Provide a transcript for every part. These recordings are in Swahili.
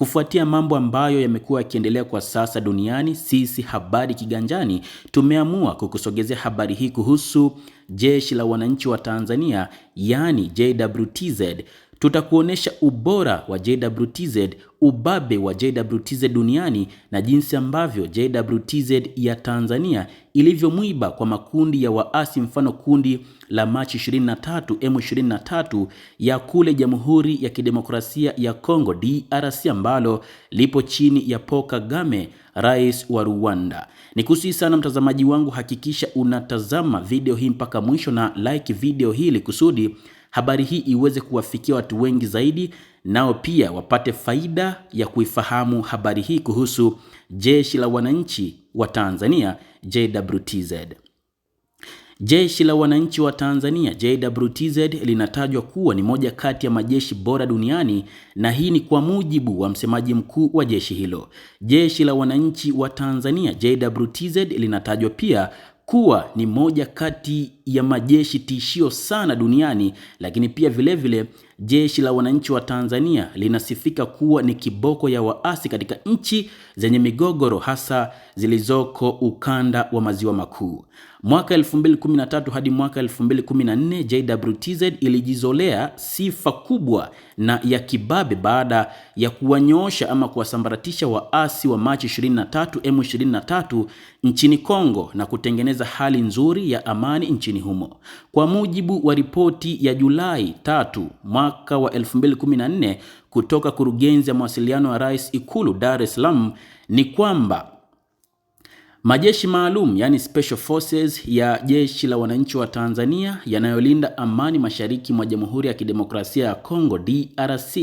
Kufuatia mambo ambayo yamekuwa yakiendelea kwa sasa duniani, sisi Habari Kiganjani tumeamua kukusogezea habari hii kuhusu Jeshi la Wananchi wa Tanzania, yaani JWTZ Tutakuonyesha ubora wa JWTZ, ubabe wa JWTZ duniani na jinsi ambavyo JWTZ ya Tanzania ilivyomwiba kwa makundi ya waasi, mfano kundi la Machi 23 M23 ya kule Jamhuri ya Kidemokrasia ya Kongo DRC ambalo lipo chini ya Paul Kagame, rais wa Rwanda. Nikusihi sana mtazamaji wangu, hakikisha unatazama video hii mpaka mwisho na like video hili kusudi habari hii iweze kuwafikia watu wengi zaidi, nao pia wapate faida ya kuifahamu habari hii kuhusu Jeshi la Wananchi wa Tanzania JWTZ. Jeshi la Wananchi wa Tanzania JWTZ linatajwa kuwa ni moja kati ya majeshi bora duniani na hii ni kwa mujibu wa msemaji mkuu wa jeshi hilo. Jeshi la Wananchi wa Tanzania JWTZ linatajwa pia kuwa ni moja kati ya majeshi tishio sana duniani, lakini pia vilevile vile Jeshi la Wananchi wa Tanzania linasifika kuwa ni kiboko ya waasi katika nchi zenye migogoro, hasa zilizoko ukanda wa maziwa makuu. Mwaka 2013 hadi mwaka 2014 JWTZ ilijizolea sifa kubwa na ya kibabe baada ya kuwanyoosha ama kuwasambaratisha waasi wa Machi 23 M23 nchini Kongo na kutengeneza hali nzuri ya amani nchini humo. Kwa mujibu wa ripoti ya Julai 3 mwaka wa 2014 kutoka kurugenzi ya mawasiliano ya Rais Ikulu Dar es Salaam ni kwamba Majeshi maalum yani special forces ya jeshi la wananchi wa Tanzania yanayolinda amani mashariki mwa Jamhuri ya Kidemokrasia ya Kongo DRC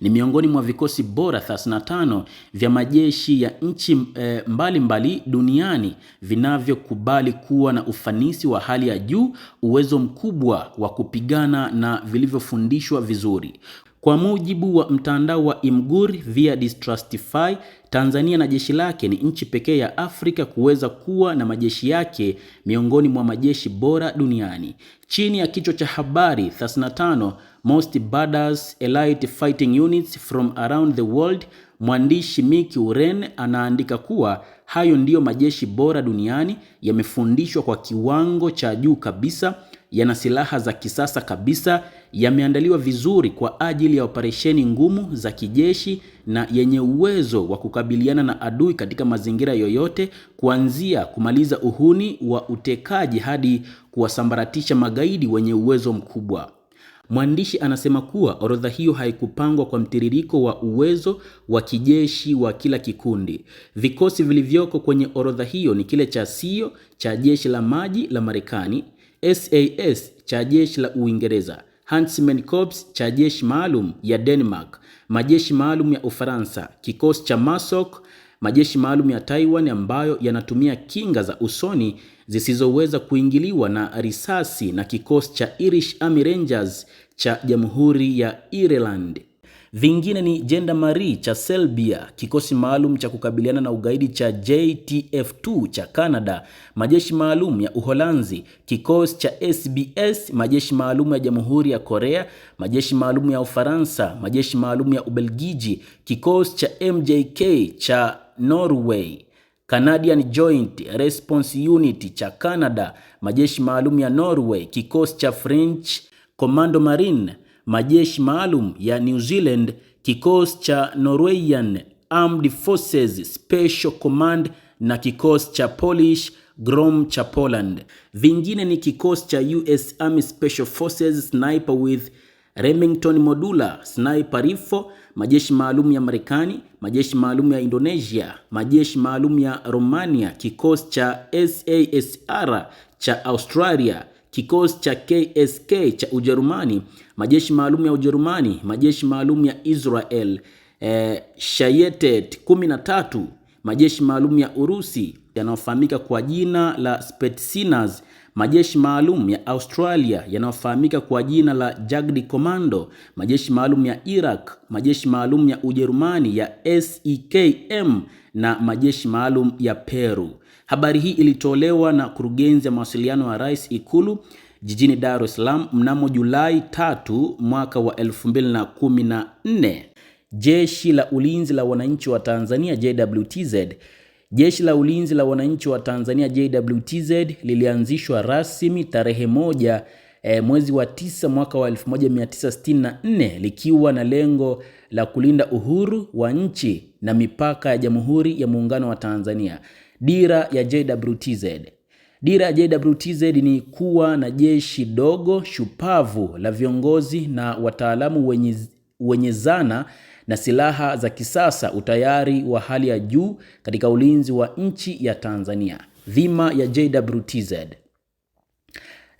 ni miongoni mwa vikosi bora 35 vya majeshi ya nchi eh, mbalimbali mbali duniani vinavyokubali kuwa na ufanisi wa hali ya juu, uwezo mkubwa wa kupigana na vilivyofundishwa vizuri. Kwa mujibu wa mtandao wa imgur via Distrustify, Tanzania na jeshi lake ni nchi pekee ya Afrika kuweza kuwa na majeshi yake miongoni mwa majeshi bora duniani. Chini ya kichwa cha habari 35 Most Badass Elite Fighting Units from Around the World, mwandishi Miki Uren anaandika kuwa hayo ndiyo majeshi bora duniani yamefundishwa kwa kiwango cha juu kabisa yana silaha za kisasa kabisa, yameandaliwa vizuri kwa ajili ya operesheni ngumu za kijeshi na yenye uwezo wa kukabiliana na adui katika mazingira yoyote, kuanzia kumaliza uhuni wa utekaji hadi kuwasambaratisha magaidi wenye uwezo mkubwa. Mwandishi anasema kuwa orodha hiyo haikupangwa kwa mtiririko wa uwezo wa kijeshi wa kila kikundi. Vikosi vilivyoko kwenye orodha hiyo ni kile cha SEAL cha jeshi la maji la Marekani, SAS cha jeshi la Uingereza, Huntsman Corps cha jeshi maalum ya Denmark, majeshi maalum ya Ufaransa, kikosi cha Masok, majeshi maalum ya Taiwan ambayo yanatumia kinga za usoni zisizoweza kuingiliwa na risasi na kikosi cha Irish Army Rangers cha Jamhuri ya Ireland. Vingine ni Jenda Marie cha Serbia, kikosi maalum cha kukabiliana na ugaidi cha JTF2 cha Canada, majeshi maalum ya Uholanzi, kikosi cha SBS, majeshi maalum ya Jamhuri ya Korea, majeshi maalum ya Ufaransa, majeshi maalum ya Ubelgiji, kikosi cha MJK cha Norway, Canadian Joint Response Unit cha Canada, majeshi maalum ya Norway, kikosi cha French Commando Marine majeshi maalum ya New Zealand, kikosi cha Norwegian Armed Forces Special Command na kikosi cha Polish Grom cha Poland. Vingine ni kikosi cha US Army Special Forces Sniper with Remington Modular Sniper Rifle, majeshi maalum ya Marekani, majeshi maalum ya Indonesia, majeshi maalum ya Romania, kikosi cha SASR cha Australia kikosi cha KSK cha Ujerumani, majeshi maalum ya Ujerumani, majeshi maalum ya Israel, eh, Shayetet 13, majeshi maalum ya Urusi yanayofahamika kwa jina la Spetsinas, majeshi maalum ya Australia yanayofahamika kwa jina la Jagdi Commando, majeshi maalum ya Iraq, majeshi maalum ya Ujerumani ya SEKM na majeshi maalum ya Peru. Habari hii ilitolewa na kurugenzi ya mawasiliano wa rais Ikulu jijini Dar es Salaam mnamo Julai 3 mwaka wa 2014. Jeshi la Ulinzi la Wananchi wa Tanzania JWTZ Jeshi la Ulinzi la Wananchi wa Tanzania JWTZ lilianzishwa rasmi tarehe moja e, mwezi wa tisa mwaka wa 1964 likiwa na lengo la kulinda uhuru wa nchi na mipaka ya Jamhuri ya Muungano wa Tanzania. Dira ya JWTZ. Dira ya JWTZ ni kuwa na jeshi dogo shupavu la viongozi na wataalamu wenye, wenye zana na silaha za kisasa, utayari wa hali ya juu katika ulinzi wa nchi ya Tanzania. Dhima ya JWTZ.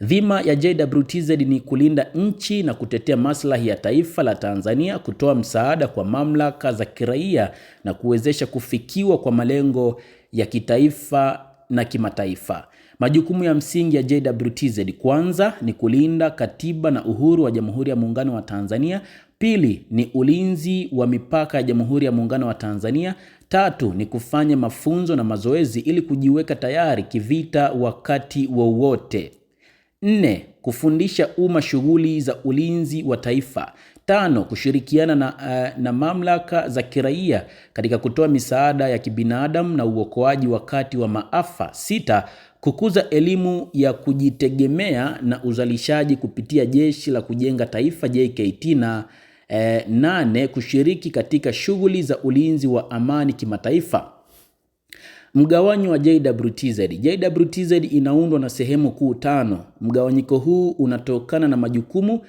Dhima ya JWTZ ni kulinda nchi na kutetea maslahi ya taifa la Tanzania, kutoa msaada kwa mamlaka za kiraia na kuwezesha kufikiwa kwa malengo ya kitaifa na kimataifa. Majukumu ya msingi ya JWTZ kwanza ni kulinda katiba na uhuru wa Jamhuri ya Muungano wa Tanzania. Pili ni ulinzi wa mipaka ya Jamhuri ya Muungano wa Tanzania. Tatu ni kufanya mafunzo na mazoezi ili kujiweka tayari kivita wakati wowote. Nne, kufundisha umma shughuli za ulinzi wa taifa. Tano, kushirikiana na, uh, na mamlaka za kiraia katika kutoa misaada ya kibinadamu na uokoaji wakati wa maafa. Sita, kukuza elimu ya kujitegemea na uzalishaji kupitia Jeshi la Kujenga Taifa JKT na eh, nane, kushiriki katika shughuli za ulinzi wa amani kimataifa. Mgawanyo wa JWTZ. JWTZ inaundwa na sehemu kuu tano. Mgawanyiko huu unatokana na majukumu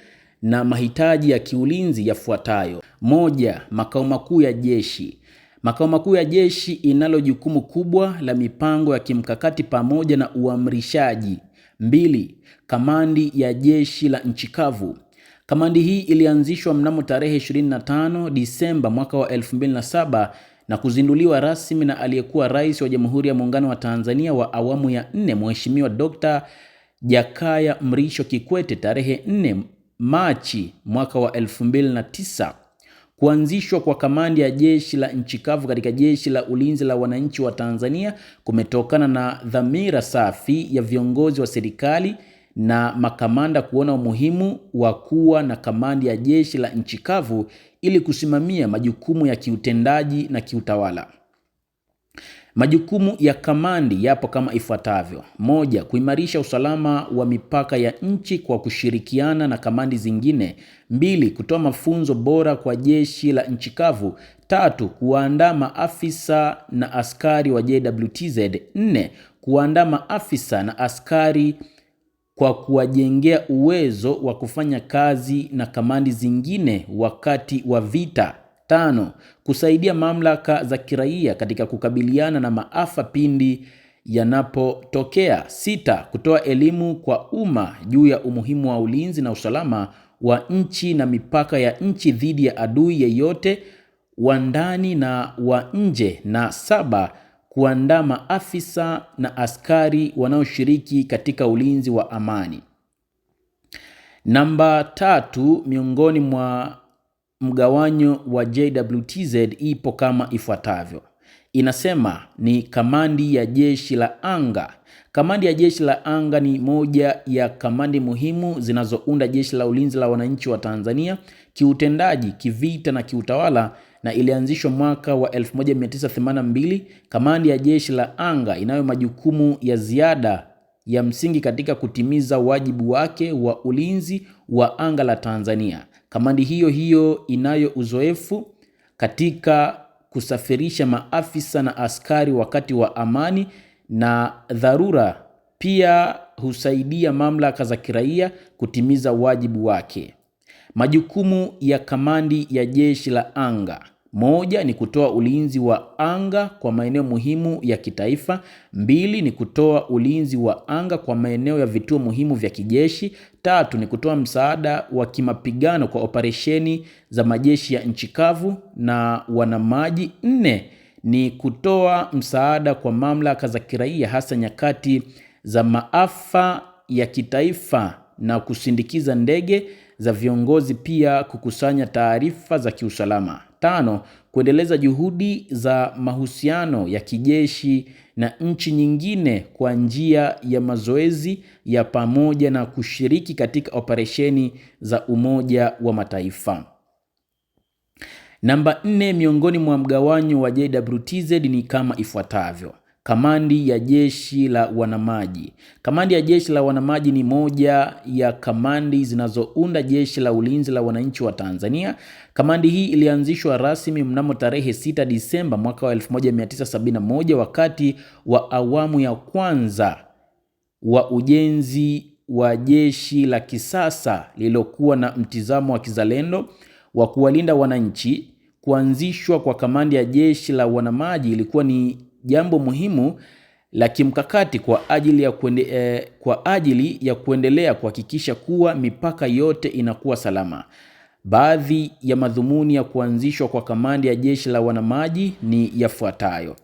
na mahitaji ya kiulinzi yafuatayo: moja, makao makuu ya jeshi. Makao makuu ya jeshi inalo jukumu kubwa la mipango ya kimkakati pamoja na uamrishaji. Mbili, kamandi ya jeshi la nchi kavu. Kamandi hii ilianzishwa mnamo tarehe 25 Disemba mwaka wa 2007 na kuzinduliwa rasmi na aliyekuwa Rais wa Jamhuri ya Muungano wa Tanzania wa awamu ya nne Mheshimiwa Dr. Jakaya Mrisho Kikwete tarehe 4 Machi mwaka wa 2009 kuanzishwa kwa kamandi ya jeshi la nchi kavu katika jeshi la ulinzi la wananchi wa Tanzania kumetokana na dhamira safi ya viongozi wa serikali na makamanda kuona umuhimu wa kuwa na kamandi ya jeshi la nchi kavu ili kusimamia majukumu ya kiutendaji na kiutawala. Majukumu ya kamandi yapo kama ifuatavyo: moja, kuimarisha usalama wa mipaka ya nchi kwa kushirikiana na kamandi zingine; mbili, kutoa mafunzo bora kwa jeshi la nchi kavu; tatu, kuwaandaa maafisa na askari wa JWTZ; nne, kuwaandaa maafisa na askari kwa kuwajengea uwezo wa kufanya kazi na kamandi zingine wakati wa vita. Tano, kusaidia mamlaka za kiraia katika kukabiliana na maafa pindi yanapotokea. Sita, kutoa elimu kwa umma juu ya umuhimu wa ulinzi na usalama wa nchi na mipaka ya nchi dhidi ya adui yeyote wa ndani na wa nje. Na saba, kuandaa maafisa na askari wanaoshiriki katika ulinzi wa amani. Namba tatu, miongoni mwa mgawanyo wa JWTZ ipo kama ifuatavyo. Inasema ni kamandi ya jeshi la anga. Kamandi ya jeshi la anga ni moja ya kamandi muhimu zinazounda jeshi la ulinzi la wananchi wa Tanzania kiutendaji, kivita na kiutawala na ilianzishwa mwaka wa 1982. Kamandi ya jeshi la anga inayo majukumu ya ziada ya msingi katika kutimiza wajibu wake wa ulinzi wa anga la Tanzania. Kamandi hiyo hiyo inayo uzoefu katika kusafirisha maafisa na askari wakati wa amani na dharura, pia husaidia mamlaka za kiraia kutimiza wajibu wake. Majukumu ya kamandi ya jeshi la anga. Moja ni kutoa ulinzi wa anga kwa maeneo muhimu ya kitaifa. Mbili ni kutoa ulinzi wa anga kwa maeneo ya vituo muhimu vya kijeshi. Tatu ni kutoa msaada wa kimapigano kwa operesheni za majeshi ya nchi kavu na wanamaji. Nne ni kutoa msaada kwa mamlaka za kiraia, hasa nyakati za maafa ya kitaifa na kusindikiza ndege za viongozi, pia kukusanya taarifa za kiusalama. Tano, kuendeleza juhudi za mahusiano ya kijeshi na nchi nyingine kwa njia ya mazoezi ya pamoja na kushiriki katika operesheni za Umoja wa Mataifa. Namba nne miongoni mwa mgawanyo wa JWTZ ni kama ifuatavyo: Kamandi ya jeshi la wanamaji. Kamandi ya jeshi la wanamaji ni moja ya kamandi zinazounda jeshi la ulinzi la wananchi wa Tanzania. Kamandi hii ilianzishwa rasmi mnamo tarehe 6 Disemba mwaka wa 1971 wakati wa awamu ya kwanza wa ujenzi wa jeshi la kisasa lililokuwa na mtizamo wa kizalendo wa kuwalinda wananchi. Kuanzishwa kwa kamandi ya jeshi la wanamaji ilikuwa ni jambo muhimu la kimkakati kwa ajili ya, kuende, eh, kwa ajili ya kuendelea kuhakikisha kuwa mipaka yote inakuwa salama. Baadhi ya madhumuni ya kuanzishwa kwa kamandi ya jeshi la wanamaji ni yafuatayo.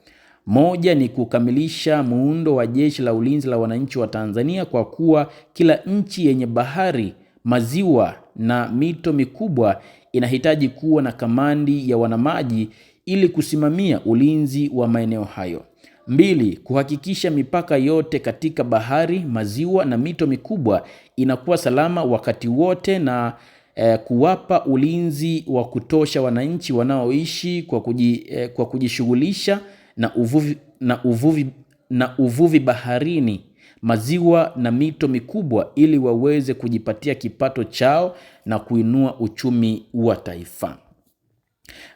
Moja ni kukamilisha muundo wa jeshi la ulinzi la wananchi wa Tanzania kwa kuwa kila nchi yenye bahari, maziwa na mito mikubwa inahitaji kuwa na kamandi ya wanamaji ili kusimamia ulinzi wa maeneo hayo. Mbili, kuhakikisha mipaka yote katika bahari, maziwa na mito mikubwa inakuwa salama wakati wote na eh, kuwapa ulinzi wa kutosha wananchi wanaoishi kwa, kuji, eh, kwa kujishughulisha na uvuvi, na, uvuvi, na uvuvi baharini, maziwa na mito mikubwa ili waweze kujipatia kipato chao na kuinua uchumi wa taifa.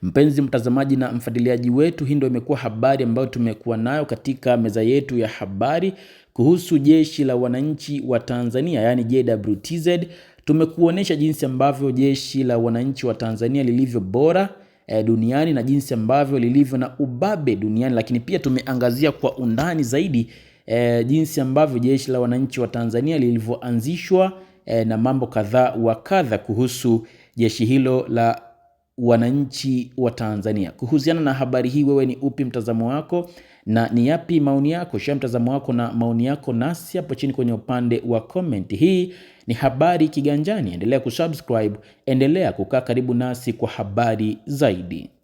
Mpenzi mtazamaji na mfuatiliaji wetu, hii ndio imekuwa habari ambayo tumekuwa nayo katika meza yetu ya habari kuhusu jeshi la wananchi wa Tanzania, yaani JWTZ. Tumekuonesha jinsi ambavyo jeshi la wananchi wa Tanzania lilivyo bora eh, duniani na jinsi ambavyo lilivyo na ubabe duniani, lakini pia tumeangazia kwa undani zaidi e, jinsi ambavyo jeshi la wananchi wa Tanzania lilivyoanzishwa e, na mambo kadhaa wa kadha kuhusu jeshi hilo la wananchi wa Tanzania. Kuhusiana na habari hii, wewe ni upi mtazamo wako na ni yapi maoni yako? Shia mtazamo wako na maoni yako nasi hapo chini kwenye upande wa comment. Hii ni habari Kiganjani, endelea kusubscribe, endelea kukaa karibu nasi kwa habari zaidi.